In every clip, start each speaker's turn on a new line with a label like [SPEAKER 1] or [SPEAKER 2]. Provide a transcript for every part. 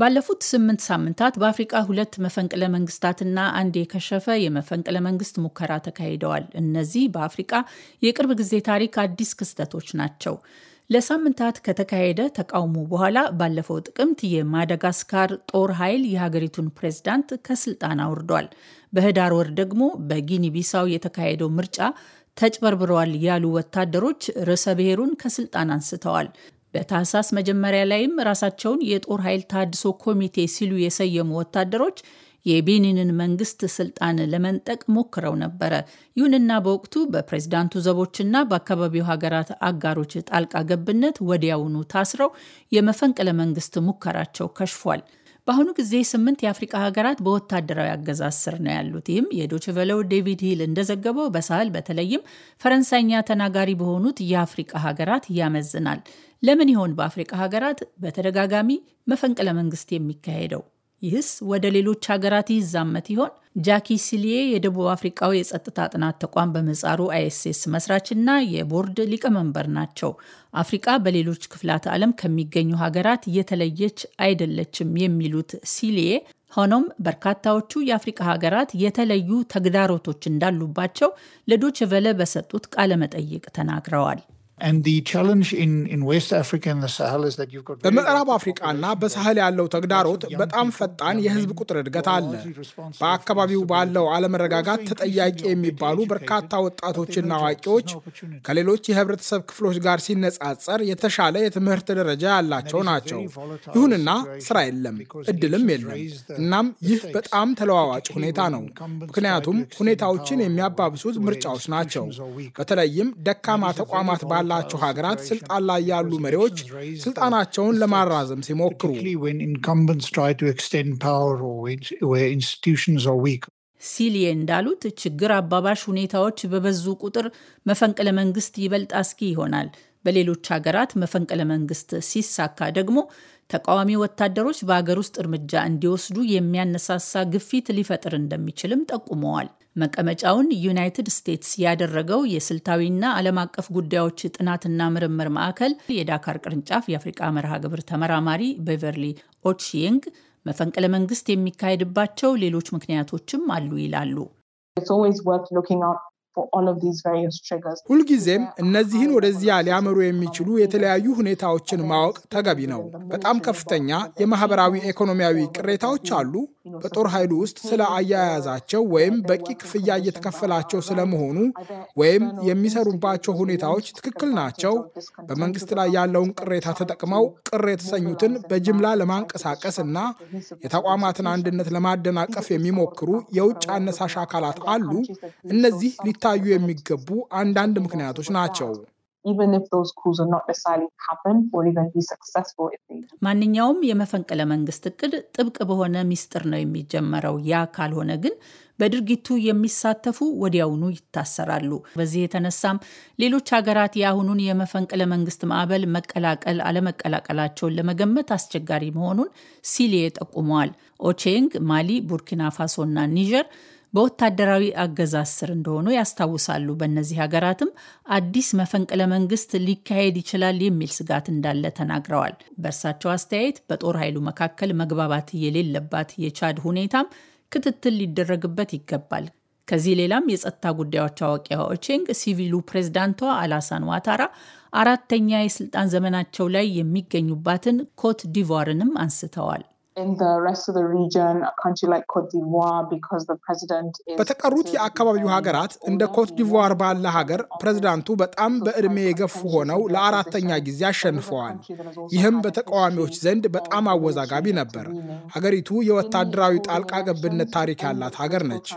[SPEAKER 1] ባለፉት ስምንት ሳምንታት በአፍሪቃ ሁለት መፈንቅለ መንግስታትና አንድ የከሸፈ የመፈንቅለ መንግስት ሙከራ ተካሂደዋል። እነዚህ በአፍሪቃ የቅርብ ጊዜ ታሪክ አዲስ ክስተቶች ናቸው። ለሳምንታት ከተካሄደ ተቃውሞ በኋላ ባለፈው ጥቅምት የማዳጋስካር ጦር ኃይል የሀገሪቱን ፕሬዝዳንት ከስልጣን አውርዷል። በህዳር ወር ደግሞ በጊኒ ቢሳው የተካሄደው ምርጫ ተጭበርብረዋል ያሉ ወታደሮች ርዕሰ ብሔሩን ከስልጣን አንስተዋል። በታህሳስ መጀመሪያ ላይም ራሳቸውን የጦር ኃይል ታድሶ ኮሚቴ ሲሉ የሰየሙ ወታደሮች የቤኒንን መንግስት ስልጣን ለመንጠቅ ሞክረው ነበረ። ይሁንና በወቅቱ በፕሬዝዳንቱ ዘቦችና በአካባቢው ሀገራት አጋሮች ጣልቃ ገብነት ወዲያውኑ ታስረው የመፈንቅለ መንግስት ሙከራቸው ከሽፏል። በአሁኑ ጊዜ ስምንት የአፍሪቃ ሀገራት በወታደራዊ አገዛዝ ስር ነው ያሉት። ይህም የዶችቨለው ዴቪድ ሂል እንደዘገበው በሳህል በተለይም ፈረንሳይኛ ተናጋሪ በሆኑት የአፍሪቃ ሀገራት ያመዝናል። ለምን ይሆን በአፍሪቃ ሀገራት በተደጋጋሚ መፈንቅለ መንግስት የሚካሄደው? ይህስ ወደ ሌሎች ሀገራት ይዛመት ይሆን? ጃኪ ሲሊየ የደቡብ አፍሪቃው የጸጥታ ጥናት ተቋም በምህጻሩ አይኤስኤስ መስራችና የቦርድ ሊቀመንበር ናቸው። አፍሪቃ በሌሎች ክፍላት ዓለም ከሚገኙ ሀገራት የተለየች አይደለችም የሚሉት ሲሊየ ሆኖም በርካታዎቹ የአፍሪቃ ሀገራት የተለዩ ተግዳሮቶች እንዳሉባቸው ለዶችቨለ በሰጡት ቃለመጠይቅ ተናግረዋል። በምዕራብ አፍሪቃና በሳህል ያለው
[SPEAKER 2] ተግዳሮት በጣም ፈጣን የህዝብ ቁጥር እድገት አለ። በአካባቢው ባለው አለመረጋጋት ተጠያቂ የሚባሉ በርካታ ወጣቶችና አዋቂዎች ከሌሎች የህብረተሰብ ክፍሎች ጋር ሲነጻጸር የተሻለ የትምህርት ደረጃ ያላቸው ናቸው። ይሁንና ስራ የለም፣ እድልም የለም። እናም ይህ በጣም ተለዋዋጭ ሁኔታ ነው። ምክንያቱም ሁኔታዎችን የሚያባብሱት ምርጫዎች ናቸው። በተለይም ደካማ ተቋማት ባለ ባላቸው ሀገራት ስልጣን ላይ ያሉ መሪዎች ስልጣናቸውን ለማራዘም ሲሞክሩ
[SPEAKER 1] ሲል እንዳሉት ችግር አባባሽ ሁኔታዎች በበዙ ቁጥር መፈንቅለ መንግስት ይበልጥ አስጊ ይሆናል። በሌሎች ሀገራት መፈንቅለ መንግስት ሲሳካ ደግሞ ተቃዋሚ ወታደሮች በሀገር ውስጥ እርምጃ እንዲወስዱ የሚያነሳሳ ግፊት ሊፈጥር እንደሚችልም ጠቁመዋል። መቀመጫውን ዩናይትድ ስቴትስ ያደረገው የስልታዊና ዓለም አቀፍ ጉዳዮች ጥናትና ምርምር ማዕከል የዳካር ቅርንጫፍ የአፍሪቃ መርሃ ግብር ተመራማሪ ቤቨርሊ ኦችዬንግ መፈንቅለ መንግስት የሚካሄድባቸው ሌሎች ምክንያቶችም አሉ ይላሉ።
[SPEAKER 2] ሁልጊዜም እነዚህን ወደዚያ ሊያመሩ የሚችሉ የተለያዩ ሁኔታዎችን ማወቅ ተገቢ ነው። በጣም ከፍተኛ የማህበራዊ ኢኮኖሚያዊ ቅሬታዎች አሉ። በጦር ኃይሉ ውስጥ ስለ አያያዛቸው ወይም በቂ ክፍያ እየተከፈላቸው ስለመሆኑ ወይም የሚሰሩባቸው ሁኔታዎች ትክክል ናቸው፣ በመንግስት ላይ ያለውን ቅሬታ ተጠቅመው ቅር የተሰኙትን በጅምላ ለማንቀሳቀስ እና የተቋማትን አንድነት ለማደናቀፍ የሚሞክሩ የውጭ አነሳሽ አካላት አሉ። እነዚህ ሊታዩ የሚገቡ አንዳንድ ምክንያቶች ናቸው። even if those
[SPEAKER 1] coups will not necessarily happen or even be successful if they ማንኛውም የመፈንቅለ መንግስት እቅድ ጥብቅ በሆነ ሚስጥር ነው የሚጀመረው። ያ ካልሆነ ግን በድርጊቱ የሚሳተፉ ወዲያውኑ ይታሰራሉ። በዚህ የተነሳም ሌሎች ሀገራት የአሁኑን የመፈንቅለ መንግስት ማዕበል መቀላቀል አለመቀላቀላቸውን ለመገመት አስቸጋሪ መሆኑን ሲሌ ጠቁመዋል። ኦቼንግ ማሊ፣ ቡርኪና ፋሶና ኒጀር በወታደራዊ አገዛዝ ስር እንደሆኑ ያስታውሳሉ። በእነዚህ ሀገራትም አዲስ መፈንቅለ መንግስት ሊካሄድ ይችላል የሚል ስጋት እንዳለ ተናግረዋል። በእርሳቸው አስተያየት በጦር ኃይሉ መካከል መግባባት የሌለባት የቻድ ሁኔታም ክትትል ሊደረግበት ይገባል። ከዚህ ሌላም የጸጥታ ጉዳዮች አዋቂዋ ኦቼንግ ሲቪሉ ፕሬዝዳንቷ አላሳን ዋታራ አራተኛ የስልጣን ዘመናቸው ላይ የሚገኙባትን ኮት ዲቮርንም አንስተዋል።
[SPEAKER 2] በተቀሩት የአካባቢው ሀገራት እንደ ዲቮር ባለ ሀገር ፕሬዚዳንቱ በጣም በዕድሜ የገፉ ሆነው ለአራተኛ ጊዜ አሸንፈዋል። ይህም በተቃዋሚዎች ዘንድ በጣም አወዛጋቢ ነበር። ሀገሪቱ የወታደራዊ ጣልቃ ገብነት ታሪክ ያላት ሀገር ነች።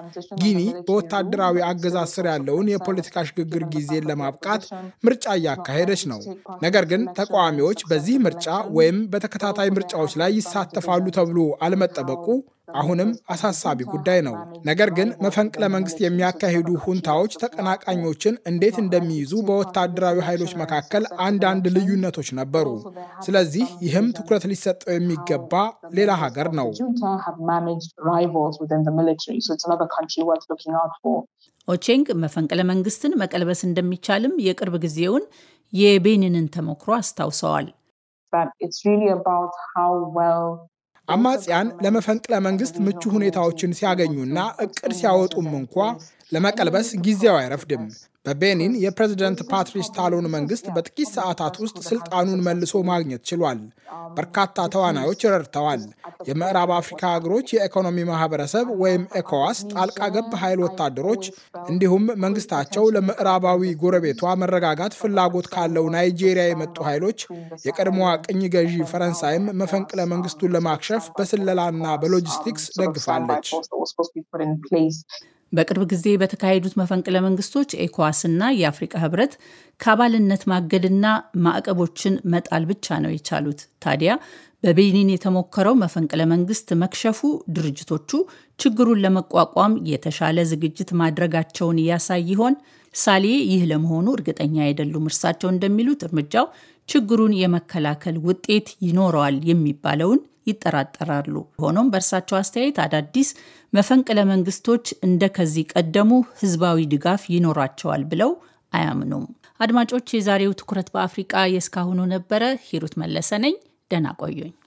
[SPEAKER 2] ጊኒ በወታደራዊ አገዛዝ ስር ያለውን የፖለቲካ ሽግግር ጊዜን ለማብቃት ምርጫ እያካሄደች ነው። ነገር ግን ተቃዋሚዎች በዚህ ምርጫ ወይም በተከታታይ ምርጫዎች ላይ ይሳተፋሉ ተብሎ አለመጠበቁ አሁንም አሳሳቢ ጉዳይ ነው። ነገር ግን መፈንቅለ መንግስት የሚያካሂዱ ሁንታዎች ተቀናቃኞችን እንዴት እንደሚይዙ በወታደራዊ ኃይሎች መካከል አንዳንድ ልዩነቶች ነበሩ። ስለዚህ ይህም ትኩረት ሊሰጠው የሚገባ ሌላ ሀገር
[SPEAKER 1] ነው። ኦቼንግ መፈንቅለ መንግስትን መቀልበስ እንደሚቻልም የቅርብ ጊዜውን የቤኒንን ተሞክሮ አስታውሰዋል።
[SPEAKER 2] አማጽያን ለመፈንቅለ መንግስት ምቹ ሁኔታዎችን ሲያገኙና እቅድ ሲያወጡም እንኳ ለመቀልበስ ጊዜው አይረፍድም። በቤኒን የፕሬዝደንት ፓትሪስ ታሎን መንግስት በጥቂት ሰዓታት ውስጥ ስልጣኑን መልሶ ማግኘት ችሏል። በርካታ ተዋናዮች ረድተዋል። የምዕራብ አፍሪካ ሀገሮች የኢኮኖሚ ማህበረሰብ ወይም ኤኮዋስ ጣልቃ ገብ ኃይል ወታደሮች፣ እንዲሁም መንግስታቸው ለምዕራባዊ ጎረቤቷ መረጋጋት ፍላጎት ካለው ናይጄሪያ የመጡ ኃይሎች፣ የቀድሞዋ ቅኝ ገዢ ፈረንሳይም መፈንቅለ መንግስቱን ለማክሸፍ በስለላና በሎጂስቲክስ ደግፋለች።
[SPEAKER 1] በቅርብ ጊዜ በተካሄዱት መፈንቅለ መንግስቶች ኤኮዋስና የአፍሪቃ ህብረት ከአባልነት ማገድና ማዕቀቦችን መጣል ብቻ ነው የቻሉት። ታዲያ በቤኒን የተሞከረው መፈንቅለ መንግስት መክሸፉ ድርጅቶቹ ችግሩን ለመቋቋም የተሻለ ዝግጅት ማድረጋቸውን ያሳይ ይሆን? ሳሌ ይህ ለመሆኑ እርግጠኛ አይደሉም። እርሳቸው እንደሚሉት እርምጃው ችግሩን የመከላከል ውጤት ይኖረዋል የሚባለውን ይጠራጠራሉ። ሆኖም በእርሳቸው አስተያየት አዳዲስ መፈንቅለ መንግስቶች እንደ ከዚህ ቀደሙ ህዝባዊ ድጋፍ ይኖራቸዋል ብለው አያምኑም። አድማጮች፣ የዛሬው ትኩረት በአፍሪቃ የእስካሁኑ ነበረ። ሂሩት መለሰ ነኝ። ደህና ቆዩኝ።